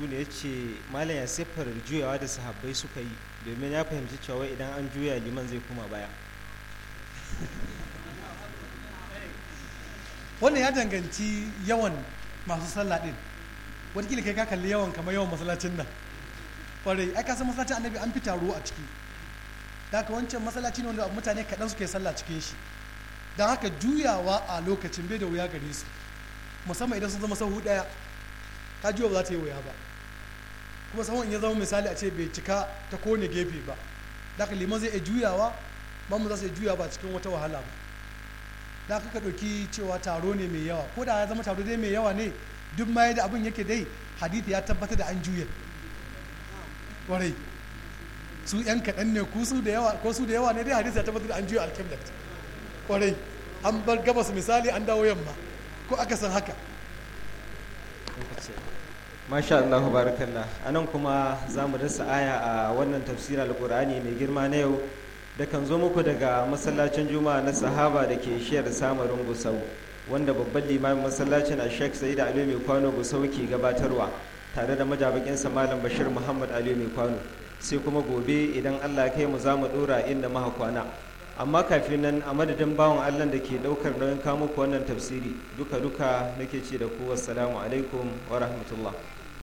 su ne ya ce malam ya siffar juyawa da sahabbai suka yi domin ya fahimci cewa idan an juya liman zai kuma baya wannan ya danganci yawan masu sallah din wataƙila kai ka kalli yawan kamar yawan masallacin nan kwarai ai ka san masallacin annabi an fi taro a ciki da haka wancan masallaci ne wanda mutane kaɗan suke sallah cikin shi don haka juyawa a lokacin bai da wuya gare su musamman idan sun zama sahu ɗaya ta juya ba za ta yi wuya ba kuma sahun ya zama misali a ce bai cika ta kone gefe ba daga liman zai iya juyawa ba mu za su iya juya ba cikin wata wahala ba da aka ka ɗauki cewa taro ne mai yawa ko da ya zama taro dai mai yawa ne duk ma yadda abin yake dai hadithi ya tabbata da an juya kwarai su yan kaɗan ne ko su da yawa ko su da yawa ne dai hadithi ya tabbata da an juya alkemlet kwarai an bar gabas misali an dawo yamma ko aka san haka masha Allah barakallah nan kuma za mu dasa aya a wannan tafsirar alkur'ani mai girma na yau da kan zo muku daga masallacin juma'a na sahaba da ke shiyar samarin gusau wanda babban limamin masallacin a sheikh sa'id ali mai kwano gusau ke gabatarwa tare da majabakinsa malam bashir muhammad ali mai kwano sai kuma gobe idan allah kai mu za mu dora inda maha kwana amma kafin nan a madadin bawan allah da ke daukar nauyin muku wannan tafsiri duka duka nake ce da ku assalamu alaikum wa rahmatullah